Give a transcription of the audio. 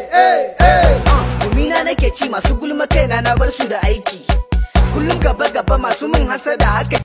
Eh, eh. Ah, gumina na ke nake ci masu gulma kaina na bar su da aiki. Kullum gaba-gaba masu min hasada haka.